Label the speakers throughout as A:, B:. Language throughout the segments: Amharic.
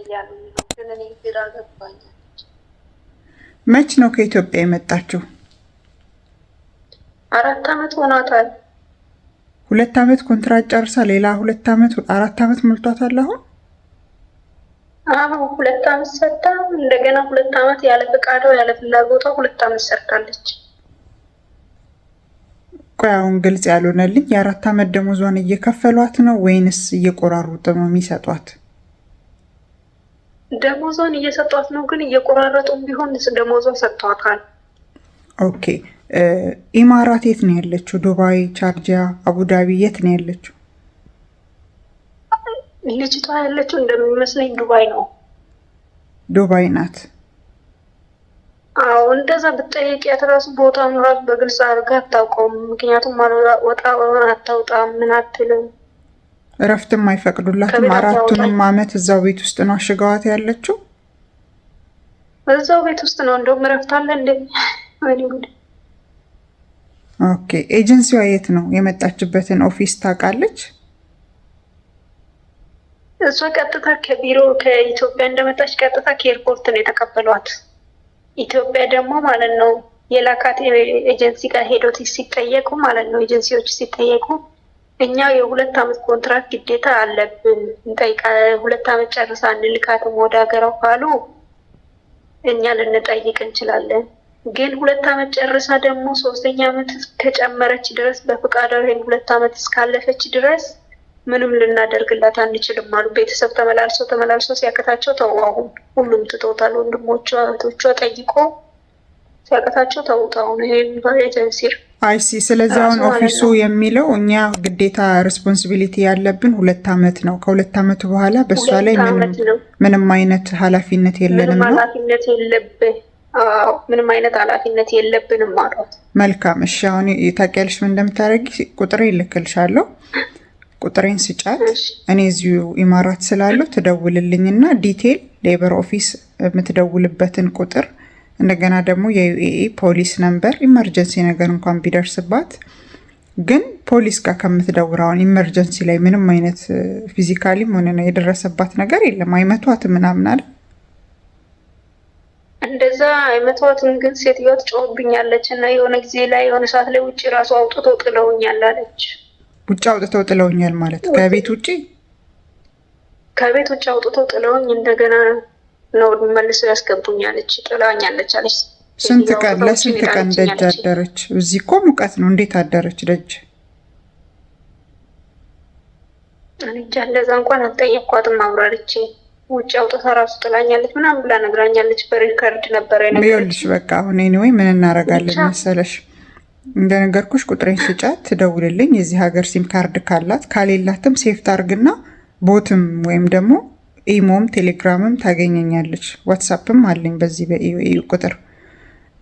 A: እያሉ ግን እኔ ግራ መች ነው ከኢትዮጵያ የመጣችው? አራት አመት ሆኗታል። ሁለት አመት ኮንትራት ጨርሳ ሌላ ሁለት አመት አራት አመት ሞልቷታል አሁን አሁን ሁለት አመት ሰርታ እንደገና ሁለት አመት ያለ ፈቃዷ ያለ ፍላጎቷ ሁለት አመት ሰርታለች። ቆይ አሁን ግልጽ ያልሆነልኝ የአራት አመት ደሞዟን እየከፈሏት ነው ወይንስ እየቆራሩ ነው የሚሰጧት? ደሞዟን እየሰጧት ነው፣ ግን እየቆራረጡም ቢሆን ደሞዟ ሰጥቷታል። ኦኬ ኢማራት የት ነው ያለችው? ዱባይ፣ ቻርጃ፣ አቡዳቢ የት ነው ያለችው? ልጅቷ ያለችው እንደሚመስለኝ ዱባይ ነው። ዱባይ ናት። አዎ እንደዛ ብጠይቂያት ራሱ ቦታውን ራሱ በግልጽ አድርጋ አታውቀውም። ምክንያቱም ወጣ አታውጣም ምን አትልም። እረፍትም አይፈቅዱላትም። አራቱንም አመት እዛው ቤት ውስጥ ነው አሽገዋት ያለችው። እዛው ቤት ውስጥ ነው። እንደውም እረፍት አለ እንደ ኦኬ። ኤጀንሲዋ የት ነው? የመጣችበትን ኦፊስ ታውቃለች? እሷ ቀጥታ ከቢሮ ከኢትዮጵያ እንደመጣች ቀጥታ ከኤርፖርት ነው የተቀበሏት። ኢትዮጵያ ደግሞ ማለት ነው የላካት ኤጀንሲ ጋር ሄዶት ሲጠየቁ ማለት ነው ኤጀንሲዎች ሲጠየቁ እኛ የሁለት አመት ኮንትራክት ግዴታ አለብን እንጠይቀ ሁለት አመት ጨርሳ እንልካትም ወደ ሀገሯ ካሉ እኛ ልንጠይቅ እንችላለን። ግን ሁለት አመት ጨርሳ ደግሞ ሶስተኛ አመት ከጨመረች ድረስ በፍቃዷ ወይም ሁለት አመት እስካለፈች ድረስ ምንም ልናደርግላት አንችልም አሉ። ቤተሰብ ተመላልሶ ተመላልሶ ሲያከታቸው ተዋጉ። ሁሉም ትቶታል። ወንድሞቿ እህቶቿ ጠይቆ ሲያቀታቸው ተውጣው ነው ይሄ የሚባለው ኤጀንሲ አይሲ። ስለዚህ አሁን ኦፊሱ የሚለው እኛ ግዴታ ሬስፖንሲቢሊቲ ያለብን ሁለት አመት ነው። ከሁለት አመቱ በኋላ በእሷ ላይ ምንም አይነት ኃላፊነት የለንም ነው የለብ ምንም አይነት ኃላፊነት የለብንም ማለት መልካም። እሺ አሁን ታውቂያለሽ ምን እንደምታደርጊ ቁጥሬ እልክልሻለሁ። ቁጥሬን ስጫት እኔ እዚሁ ኢማራት ስላለሁ ትደውልልኝና ዲቴል ሌበር ኦፊስ የምትደውልበትን ቁጥር እንደገና ደግሞ የዩኤኢ ፖሊስ ነምበር ኢመርጀንሲ ነገር እንኳን ቢደርስባት ግን ፖሊስ ጋር ከምትደውራውን ኢመርጀንሲ ላይ ምንም አይነት ፊዚካሊም ሆነ ነው የደረሰባት ነገር የለም። አይመቷትም ምናምን አለ እንደዛ አይመቷትም። ግን ሴትዮዋ ትጮህብኛለች እና የሆነ ጊዜ ላይ የሆነ ሰዓት ላይ ውጭ ራሱ አውጥተው ጥለውኛል አለች። ውጭ አውጥተው ጥለውኛል ማለት ከቤት ውጭ ከቤት ውጭ አውጥተው ጥለውኝ እንደገና ነው መልሶ ያስገቡኛለች። ጥላኛለች አለች። ስንት ቀን ለስንት ቀን ደጅ አደረች? እዚህ እኮ ሙቀት ነው። እንዴት አደረች ደጅ? እንጃ ለዛ እንኳን አልጠየኳትም። አብራርቼ ውጭ አውጥታ ራሱ ጥላኛለች ምናምን ብላ ነግራኛለች። በሪከርድ ነበረ ይኸውልሽ። በቃ አሁን ኒወይ ምን እናረጋለን መሰለሽ እንደነገርኩሽ ቁጥሬን ስጫት ትደውልልኝ። የዚህ ሀገር ሲም ካርድ ካላት፣ ካሌላትም ሴፍ ታርግና ቦትም ወይም ደግሞ ኢሞም ቴሌግራምም ታገኘኛለች። ዋትሳፕም አለኝ። በዚህ በኢዩ ቁጥር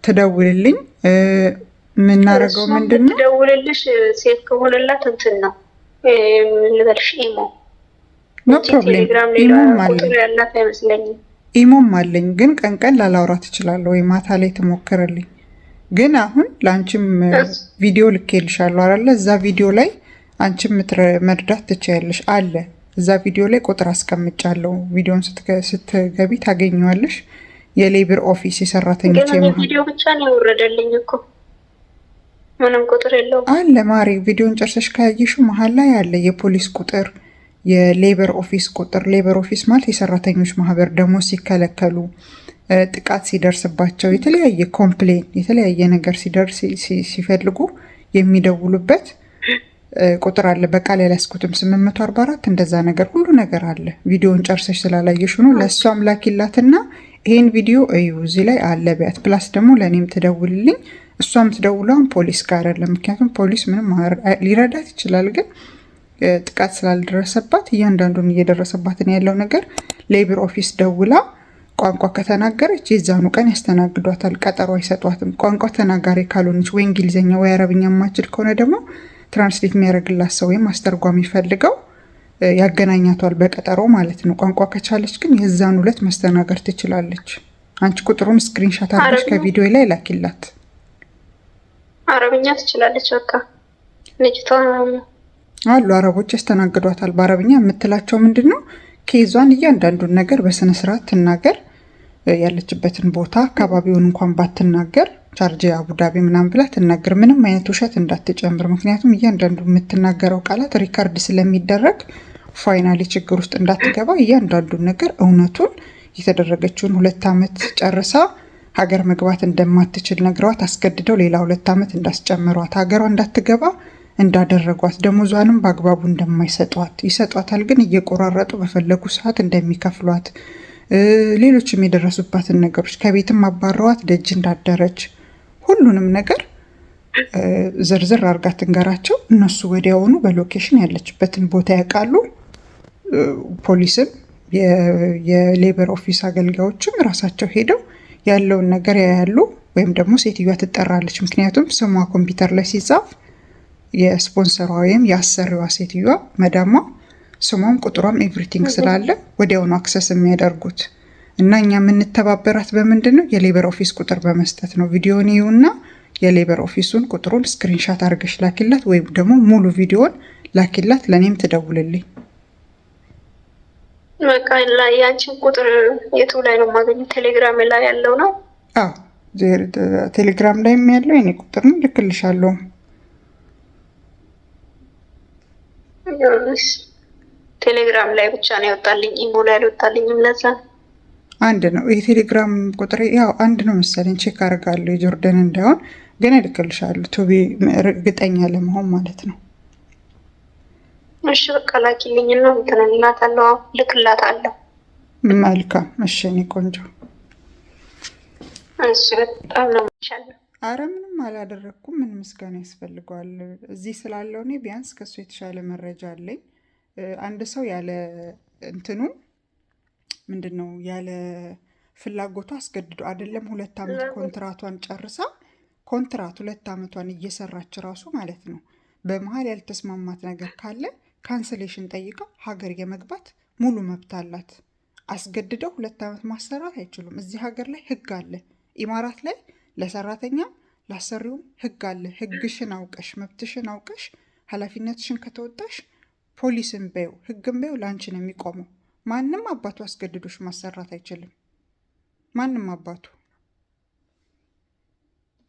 A: ትደውልልኝ። የምናደርገው ምንድን ነው? ትደውልልሽ ሴት ከሆነላት እንትን ነው ልበልሽ። ኢሞ ኖ ፕሮብሌም። ኢሞም አለኝ ኢሞም አለኝ፣ ግን ቀን ቀን ላላውራ ትችላለሁ ወይ ማታ ላይ ትሞክርልኝ። ግን አሁን ለአንቺም ቪዲዮ ልኬልሻለሁ አይደለ? እዛ ቪዲዮ ላይ አንቺም መርዳት ትችያለሽ አለ እዛ ቪዲዮ ላይ ቁጥር አስቀምጫለሁ። ቪዲዮን ስትገቢ ታገኘዋለሽ። የሌብር ኦፊስ የሰራተኞች ቪዲዮ ብቻ ነው የወረደልኝ እኮ ምንም ቁጥር የለውም አለ ማሪ። ቪዲዮን ጨርሰሽ ካያየሹ መሀል ላይ አለ የፖሊስ ቁጥር፣ የሌበር ኦፊስ ቁጥር። ሌበር ኦፊስ ማለት የሰራተኞች ማህበር ደሞዝ ሲከለከሉ፣ ጥቃት ሲደርስባቸው፣ የተለያየ ኮምፕሌን፣ የተለያየ ነገር ሲደርስ ሲፈልጉ የሚደውሉበት ቁጥር አለ። በቃል ያላስኩትም 844 እንደዛ ነገር ሁሉ ነገር አለ። ቪዲዮን ጨርሰሽ ስላላየሽ ሆኖ ለእሷም ላኪላትና ይህን ቪዲዮ እዩ እዚህ ላይ አለ ቢያት። ፕላስ ደግሞ ለእኔም ትደውልልኝ። እሷም ትደውለውን ፖሊስ ጋር አለ። ምክንያቱም ፖሊስ ምንም ሊረዳት ይችላል፣ ግን ጥቃት ስላልደረሰባት እያንዳንዱን እየደረሰባትን ያለው ነገር ሌብር ኦፊስ ደውላ ቋንቋ ከተናገረች የዛኑ ቀን ያስተናግዷታል። ቀጠሮ አይሰጧትም። ቋንቋ ተናጋሪ ካልሆነች ወይ እንግሊዝኛ ወይ አረብኛ የማችል ከሆነ ደግሞ ትራንስሌት የሚያደርግላት ሰው ወይም አስተርጓሚ ፈልገው ያገናኛቷል በቀጠሮ ማለት ነው። ቋንቋ ከቻለች ግን የዛን ሁለት መስተናገድ ትችላለች። አንቺ ቁጥሩን ስክሪንሻት አድርገሽ ከቪዲዮ ላይ ላኪላት። አረብኛ ትችላለች። በቃ ልጅቷ አሉ አረቦች ያስተናግዷታል። በአረብኛ የምትላቸው ምንድን ነው? ኬዟን እያንዳንዱን ነገር በስነስርዓት ትናገር። ያለችበትን ቦታ አካባቢውን እንኳን ባትናገር ቻርጅ አቡዳቢ ምናምን ብላ ትናገር። ምንም አይነት ውሸት እንዳትጨምር፣ ምክንያቱም እያንዳንዱ የምትናገረው ቃላት ሪካርድ ስለሚደረግ ፋይናሊ ችግር ውስጥ እንዳትገባ እያንዳንዱን ነገር እውነቱን የተደረገችውን ሁለት ዓመት ጨርሳ ሀገር መግባት እንደማትችል ነግረዋት አስገድደው ሌላ ሁለት ዓመት እንዳስጨምሯት ሀገሯ እንዳትገባ እንዳደረጓት ደሞዟንም በአግባቡ እንደማይሰጧት ይሰጧታል፣ ግን እየቆራረጡ በፈለጉ ሰዓት እንደሚከፍሏት ሌሎችም የደረሱባትን ነገሮች ከቤትም አባረዋት ደጅ እንዳደረች ሁሉንም ነገር ዝርዝር አርጋ ትንገራቸው። እነሱ ወዲያውኑ በሎኬሽን ያለችበትን ቦታ ያውቃሉ። ፖሊስም የሌበር ኦፊስ አገልጋዮችም ራሳቸው ሄደው ያለውን ነገር ያያሉ። ወይም ደግሞ ሴትዮዋ ትጠራለች። ምክንያቱም ስሟ ኮምፒውተር ላይ ሲጻፍ የስፖንሰሯ ወይም የአሰሪዋ ሴትዮዋ መዳሟ ስሟም ቁጥሯም ኤቭሪቲንግ ስላለ ወዲያውኑ አክሰስ የሚያደርጉት እና እኛ የምንተባበራት በምንድን ነው? የሌበር ኦፊስ ቁጥር በመስጠት ነው። ቪዲዮን ይዩና የሌበር ኦፊሱን ቁጥሩን ስክሪንሻት አድርገሽ ላኪላት፣ ወይም ደግሞ ሙሉ ቪዲዮን ላኪላት፣ ለእኔም ትደውልልኝ። በቃ የአንቺን ቁጥር የቱ ላይ ነው የማገኘው? ቴሌግራም ላይ ያለው ነው። አዎ ቴሌግራም ላይ ያለው የኔ ቁጥር ነው። ልክልሻለሁ። ቴሌግራም ላይ ብቻ ነው ይወጣልኝ፣ ኢሞ ላይ አልወጣልኝም። ለዛ አንድ ነው። የቴሌግራም ቁጥር ያው አንድ ነው መሰለኝ። ቼክ አደርጋለሁ የጆርደን እንዳይሆን ግን እልክልሻለሁ፣ ቱቢ እርግጠኛ ለመሆን ማለት ነው። እሺ በቃ ላኪልኝ እና እንትን እላታለሁ፣ እልክላታለሁ። መልካም እሺ፣ እኔ ቆንጆ። እሺ በጣም ነው የምልሻለሁ። አረ ምንም አላደረግኩም። ምን ምስጋና ያስፈልገዋል? እዚህ ስላለው እኔ ቢያንስ ከሱ የተሻለ መረጃ አለኝ። አንድ ሰው ያለ እንትኑ ምንድን ነው ያለ ፍላጎቷ አስገድዶ አይደለም። ሁለት ዓመት ኮንትራቷን ጨርሳ ኮንትራት ሁለት ዓመቷን እየሰራች ራሱ ማለት ነው በመሀል ያልተስማማት ነገር ካለ ካንስሌሽን ጠይቃ ሀገር የመግባት ሙሉ መብት አላት። አስገድደው ሁለት ዓመት ማሰራት አይችሉም። እዚህ ሀገር ላይ ህግ አለ። ኢማራት ላይ ለሰራተኛም ላሰሪውም ህግ አለ። ህግሽን አውቀሽ መብትሽን አውቀሽ ኃላፊነትሽን ከተወጣሽ ፖሊስን በይው ህግን በይው ለአንቺ ነው የሚቆመው። ማንም አባቱ አስገድዶሽ ማሰራት አይችልም። ማንም አባቱ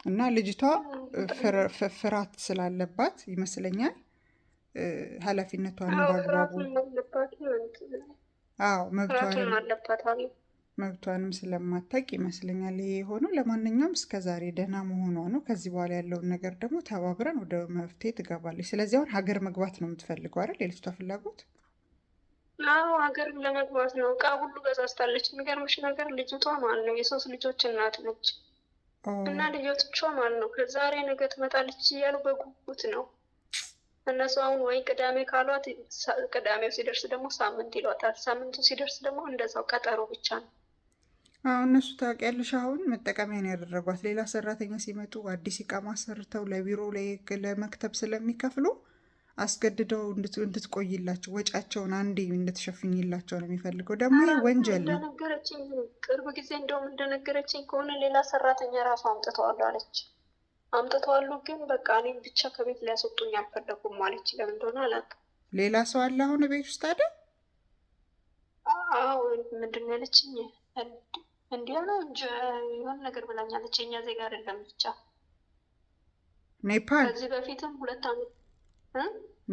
A: እና ልጅቷ ፍርሃት ስላለባት ይመስለኛል ኃላፊነቷን በአግባቡ አዎ መብቷንም ስለማታቅ ይመስለኛል ይሄ የሆነው። ለማንኛውም እስከ ዛሬ ደህና መሆኗ ነው። ከዚህ በኋላ ያለውን ነገር ደግሞ ተባብረን ወደ መፍትሄ ትገባለች። ስለዚህ አሁን ሀገር መግባት ነው የምትፈልገው አይደል? የልጅቷ ፍላጎት አዎ ሀገር ለመግባት ነው። እቃ ሁሉ ገዛዝታለች። የሚገርምሽ ነገር ልጅቷ ማን ነው የሶስት ልጆች እናት ነች። እና ልጆቿ ማን ነው ከዛሬ ነገ ትመጣለች እያሉ በጉጉት ነው እነሱ። አሁን ወይ ቅዳሜ ካሏት ቅዳሜው ሲደርስ ደግሞ ሳምንት ይሏታል። ሳምንቱ ሲደርስ ደግሞ እንደዛው ቀጠሮ ብቻ ነው። አዎ እነሱ ታውቂያለሽ፣ አሁን መጠቀሚያ ነው ያደረጓት። ሌላ ሰራተኛ ሲመጡ አዲስ እቃ ማሰርተው ለቢሮ ለመክተብ ስለሚከፍሉ አስገድደው እንድትቆይላቸው ወጫቸውን አንዴ እንድትሸፍኝላቸው ነው የሚፈልገው። ደግሞ ወንጀል ነው። ቅርብ ጊዜ እንደውም እንደነገረችኝ ከሆነ ሌላ ሰራተኛ ራሱ አምጥተዋሉ አለች። አምጥተዋሉ ግን በቃ እኔም ብቻ ከቤት ሊያስወጡኝ አልፈለጉም አለች። ለምን እንደሆነ አላውቅም። ሌላ ሰው አለ አሁን ቤት ውስጥ አደ አዎ ምንድን ያለችኝ? እንዲያ ነው እንጂ የሆነ ነገር ብላኛለች። የእኛ ዜጋ አይደለም ብቻ ኔፓል ከዚህ በፊትም ሁለት ዓመት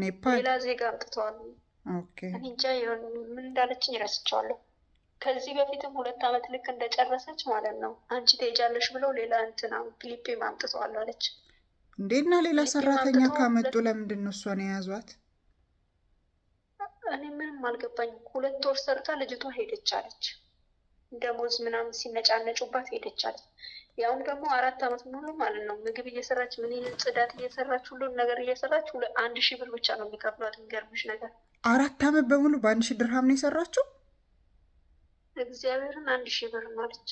A: ኔፓል ሌላ ዜጋ አውጥተዋል። እንጃ ምን እንዳለችኝ እረስቸዋለሁ። ከዚህ በፊትም ሁለት አመት ልክ እንደጨረሰች ማለት ነው አንቺ ትሄጃለሽ ብለው ሌላ እንትና ፊሊፔ አምጥተዋል አለች። እንዴና ሌላ ሰራተኛ ካመጡ ለምንድን ነው እሷን የያዟት? እኔ ምንም አልገባኝ ሁለት ወር ሰርታ ልጅቷ ሄደች አለች። ደሞዝ ምናምን ሲነጫነጩባት ሄደች አለች። ያውም ደግሞ አራት አመት ሙሉ ማለት ነው ምግብ እየሰራች ምን ጽዳት እየሰራች ሁሉን ነገር እየሰራች አንድ ሺህ ብር ብቻ ነው የሚከፍሏት። የሚገርምሽ ነገር አራት አመት በሙሉ በአንድ ሺህ ድርሃም ነው የሰራችው። እግዚአብሔርን አንድ ሺህ ብር ማለች።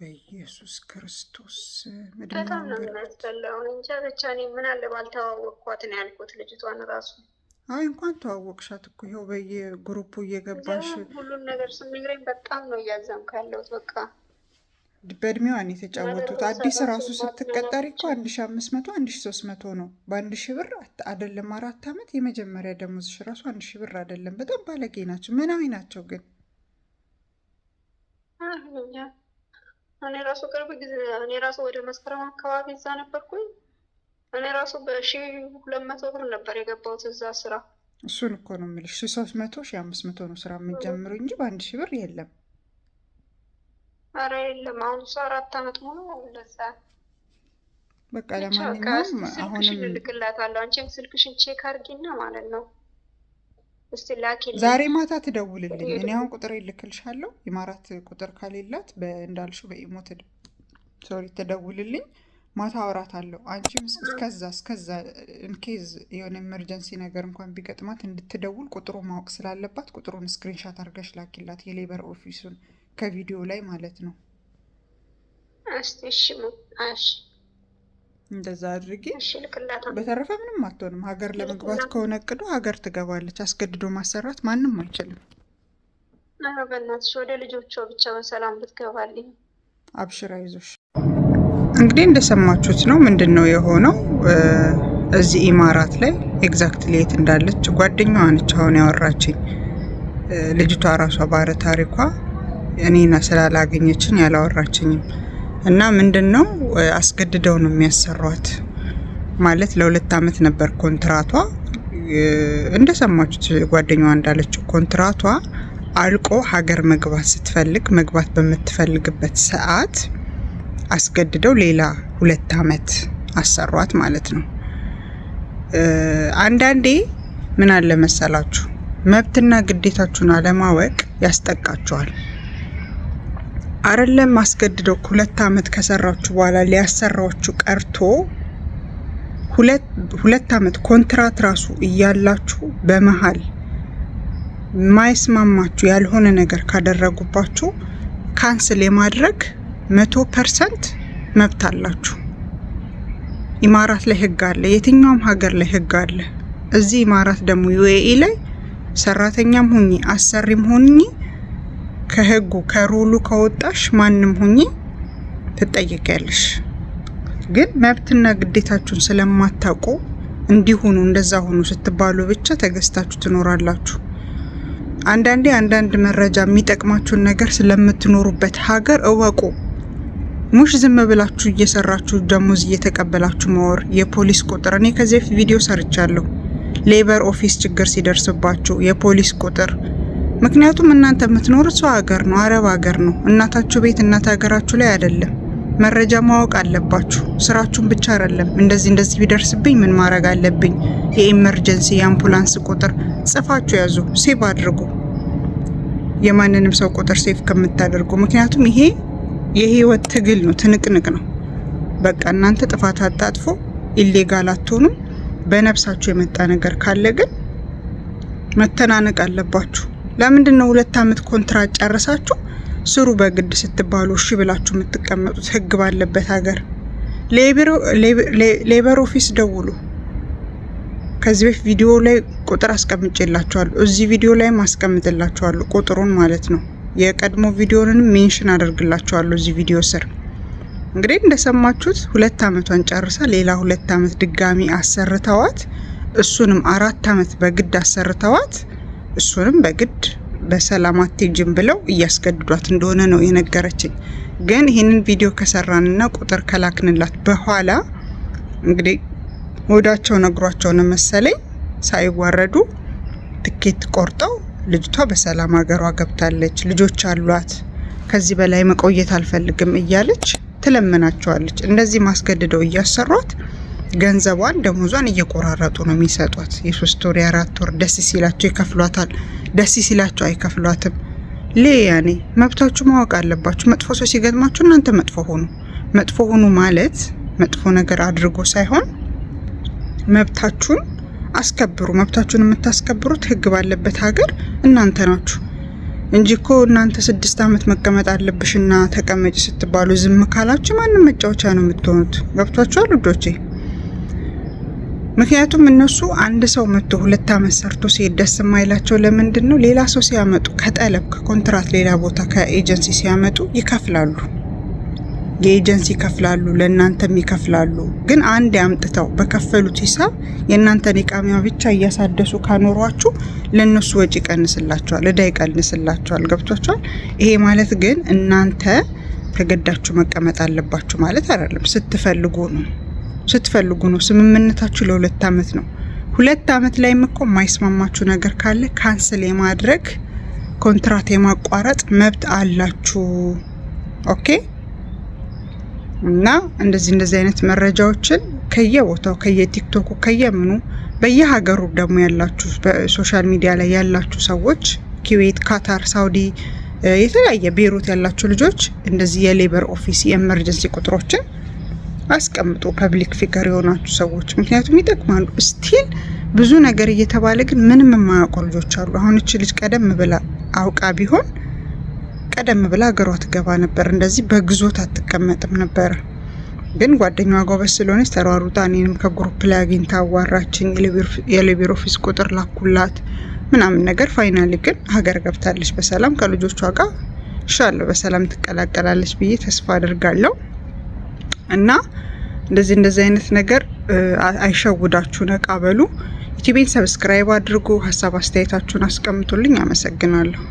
A: በኢየሱስ ክርስቶስ በጣም ነው የሚያስጠላው። እንጃ ብቻ እኔ ምን አለ ባልተዋወቅኳት ነው ያልኩት ልጅቷን ራሱ አይ እንኳን ተዋወቅሻት እኮ ይኸው በየግሩፑ እየገባሽ ሁሉን ነገር ስንግረኝ በጣም ነው እያዘም ያለሁት በቃ በእድሜዋን የተጫወቱት። አዲስ ራሱ ስትቀጠሪ እኮ አንድ ሺ አምስት መቶ አንድ ሺ ሶስት መቶ ነው። በአንድ ሺ ብር አይደለም አራት ዓመት የመጀመሪያ ደሞዝሽ ራሱ አንድ ሺ ብር አይደለም። በጣም ባለጌ ናቸው። ምናዊ ናቸው ግን እኔ ራሱ ቅርብ ጊዜ እኔ ራሱ ወደ መስከረም አካባቢ እዛ ነበርኩኝ። እኔ ራሱ በሺ ሁለት መቶ ብር ነበር የገባሁት እዛ ስራ። እሱን እኮ ነው የምልሽ ሶስት መቶ ሺ አምስት መቶ ነው ስራ የምንጀምሩ እንጂ በአንድ ሺ ብር የለም። አረ የለም አሁን እሱ አራት አመት ሙሉ እንደዛ በቃ ለማንኛውም ስልክሽን እልክላታለሁ። አንቺም ስልክሽን ቼክ አድርጊና ማለት ነው እስቲ ላኪልኝ። ዛሬ ማታ ትደውልልኝ። እኔ አሁን ቁጥር ይልክልሻለሁ። የማራት ቁጥር ከሌላት እንዳልሹ በኢሞ ሶሪ ትደውልልኝ። ማታ አውራት አለው። አንቺም እስከዛ እስከዛ ኢንኬዝ የሆነ ኤመርጀንሲ ነገር እንኳን ቢገጥማት እንድትደውል ቁጥሩ ማወቅ ስላለባት ቁጥሩን ስክሪንሻት አድርገሽ ላኪላት የሌበር ኦፊሱን ከቪዲዮ ላይ ማለት ነው። እንደዛ አድርጌ በተረፈ ምንም አትሆንም። ሀገር ለመግባት ከሆነ እቅዱ ሀገር ትገባለች። አስገድዶ ማሰራት ማንም አይችልም። በእናትሽ ወደ ልጆቿ ብቻ በሰላም ብትገባልኝ። አብሽራ ይዞሽ እንግዲህ እንደሰማችሁት ነው። ምንድን ነው የሆነው እዚህ ኢማራት ላይ ኤግዛክትሊ የት እንዳለች ጓደኛዋ ነች አሁን ያወራችኝ ልጅቷ ራሷ ባለ ታሪኳ እኔን ስላላገኘችኝ ያላወራችኝም እና ምንድን ነው አስገድደው ነው የሚያሰሯት። ማለት ለሁለት አመት ነበር ኮንትራቷ። እንደሰማችሁት ጓደኛዋ እንዳለችው ኮንትራቷ አልቆ ሀገር መግባት ስትፈልግ መግባት በምትፈልግበት ሰዓት አስገድደው ሌላ ሁለት አመት አሰሯት ማለት ነው። አንዳንዴ ምን አለ መሰላችሁ መብትና ግዴታችሁን አለማወቅ ያስጠቃችኋል። አይደለም አስገድደው ሁለት አመት ከሰራችሁ በኋላ ሊያሰራችሁ ቀርቶ ሁለት ዓመት ኮንትራት ራሱ እያላችሁ በመሀል ማይስማማችሁ ያልሆነ ነገር ካደረጉባችሁ ካንስል የማድረግ መቶ ፐርሰንት መብት አላችሁ። ኢማራት ላይ ህግ አለ። የትኛውም ሀገር ላይ ህግ አለ። እዚህ ኢማራት ደግሞ ዩኤኢ ላይ ሰራተኛም ሁኚ አሰሪም ሁኚ ከህጉ ከሩሉ ከወጣሽ ማንም ሁኚ ትጠይቂያለሽ። ግን መብትና ግዴታችሁን ስለማታውቁ እንዲሆኑ እንደዛ ሆኑ ስትባሉ ብቻ ተገዝታችሁ ትኖራላችሁ። አንዳንዴ አንዳንድ መረጃ የሚጠቅማችሁን ነገር ስለምትኖሩበት ሀገር እወቁ። ሙሽ ዝም ብላችሁ እየሰራችሁ ደሞዝ እየተቀበላችሁ መወር የፖሊስ ቁጥር እኔ ከዚህ በፊት ቪዲዮ ሰርቻለሁ። ሌበር ኦፊስ ችግር ሲደርስባችሁ የፖሊስ ቁጥር ምክንያቱም እናንተ የምትኖሩ ሰው ሀገር ነው፣ አረብ ሀገር ነው። እናታችሁ ቤት እናት ሀገራችሁ ላይ አይደለም። መረጃ ማወቅ አለባችሁ። ስራችሁን ብቻ አይደለም እንደዚህ እንደዚህ ቢደርስብኝ ምን ማድረግ አለብኝ፣ የኤመርጀንሲ የአምቡላንስ ቁጥር ጽፋችሁ ያዙ፣ ሴቭ አድርጉ። የማንንም ሰው ቁጥር ሴቭ ከምታደርጉ፣ ምክንያቱም ይሄ የህይወት ትግል ነው፣ ትንቅንቅ ነው። በቃ እናንተ ጥፋት አታጥፎ ኢሌጋል አትሆኑ። በነብሳችሁ የመጣ ነገር ካለ ግን መተናነቅ አለባችሁ። ለምንድን ነው ሁለት አመት ኮንትራት ጨርሳችሁ ስሩ በግድ ስትባሉ እሺ ብላችሁ የምትቀመጡት ህግ ባለበት ሀገር? ሌበር ኦፊስ ደውሉ። ከዚህ በፊት ቪዲዮ ላይ ቁጥር አስቀምጬላችኋለሁ። እዚህ ቪዲዮ ላይ ማስቀምጥላችኋለሁ ቁጥሩን ማለት ነው። የቀድሞ ቪዲዮንም ሜንሽን አደርግላችኋለሁ እዚህ ቪዲዮ ስር። እንግዲህ እንደሰማችሁት ሁለት አመቷን ጨርሳ ሌላ ሁለት አመት ድጋሚ አሰርተዋት እሱንም አራት አመት በግድ አሰርተዋት እሱንም በግድ በሰላም አትሄጂም ብለው እያስገድዷት እንደሆነ ነው የነገረችኝ። ግን ይህንን ቪዲዮ ከሰራንና ቁጥር ከላክንላት በኋላ እንግዲህ ወዳቸው ነግሯቸውን መሰለኝ ሳይዋረዱ ትኬት ቆርጠው ልጅቷ በሰላም ሀገሯ ገብታለች፣ ልጆች አሏት፣ ከዚህ በላይ መቆየት አልፈልግም እያለች ትለምናቸዋለች። እንደዚህ ማስገድደው እያሰሯት ገንዘቧን ደሞዟን እየቆራረጡ ነው የሚሰጧት። የሶስት ወር የአራት ወር ደስ ሲላቸው ይከፍሏታል፣ ደስ ሲላቸው አይከፍሏትም። ሌ ያኔ መብታችሁ ማወቅ አለባችሁ። መጥፎ ሰው ሲገጥማችሁ እናንተ መጥፎ ሆኑ። መጥፎ ሆኑ ማለት መጥፎ ነገር አድርጎ ሳይሆን መብታችሁን አስከብሩ። መብታችሁን የምታስከብሩት ህግ ባለበት ሀገር እናንተ ናችሁ እንጂ እኮ እናንተ ስድስት ዓመት መቀመጥ አለብሽና ተቀመጭ ስትባሉ ዝም ካላችሁ ማንም መጫወቻ ነው የምትሆኑት። ገብቷችኋል ልጆቼ? ምክንያቱም እነሱ አንድ ሰው መጥቶ ሁለት አመት ሰርቶ ሲሄድ ደስ የማይላቸው ለምንድን ነው? ሌላ ሰው ሲያመጡ ከጠለብ ከኮንትራት ሌላ ቦታ ከኤጀንሲ ሲያመጡ ይከፍላሉ፣ የኤጀንሲ ይከፍላሉ፣ ለእናንተም ይከፍላሉ። ግን አንድ አምጥተው በከፈሉት ሂሳብ የእናንተን ቃሚያ ብቻ እያሳደሱ ካኖሯችሁ ለእነሱ ወጪ ይቀንስላቸዋል፣ እዳ ይቀንስላቸዋል። ገብቷቸዋል። ይሄ ማለት ግን እናንተ ተገዳችሁ መቀመጥ አለባችሁ ማለት አይደለም፣ ስትፈልጉ ነው። ስትፈልጉ ነው። ስምምነታችሁ ለሁለት አመት ነው። ሁለት አመት ላይም እኮ የማይስማማችሁ ነገር ካለ ካንስል የማድረግ ኮንትራት የማቋረጥ መብት አላችሁ። ኦኬ እና እንደዚህ እንደዚህ አይነት መረጃዎችን ከየቦታው ከየቲክቶኩ ከየምኑ በየሀገሩ ደግሞ ያላችሁ በሶሻል ሚዲያ ላይ ያላችሁ ሰዎች ኩዌት፣ ካታር፣ ሳውዲ የተለያየ ቤይሩት ያላችሁ ልጆች እንደዚህ የሌበር ኦፊስ የኤመርጀንሲ ቁጥሮችን አስቀምጦ ፐብሊክ ፊገር የሆናችሁ ሰዎች ምክንያቱም ይጠቅማሉ። ስቲል ብዙ ነገር እየተባለ ግን ምንም የማያውቁ ልጆች አሉ። አሁን እች ልጅ ቀደም ብላ አውቃ ቢሆን ቀደም ብላ ሀገሯ ትገባ ነበር። እንደዚህ በግዞት አትቀመጥም ነበር። ግን ጓደኛዋ ጎበዝ ስለሆነች ተሯሩጣ እኔንም ከግሩፕ ላይ አግኝታ አዋራችኝ። የሌቢር ኦፊስ ቁጥር ላኩላት ምናምን ነገር ፋይናሊ ግን ሀገር ገብታለች በሰላም ከልጆቿ ጋር ሻለ በሰላም ትቀላቀላለች ብዬ ተስፋ አድርጋለሁ። እና እንደዚህ እንደዚህ አይነት ነገር አይሸውዳችሁ። ነቃ በሉ። ዩቲዩቤን ሰብስክራይብ አድርጉ። ሀሳብ አስተያየታችሁን አስቀምጡልኝ። አመሰግናለሁ።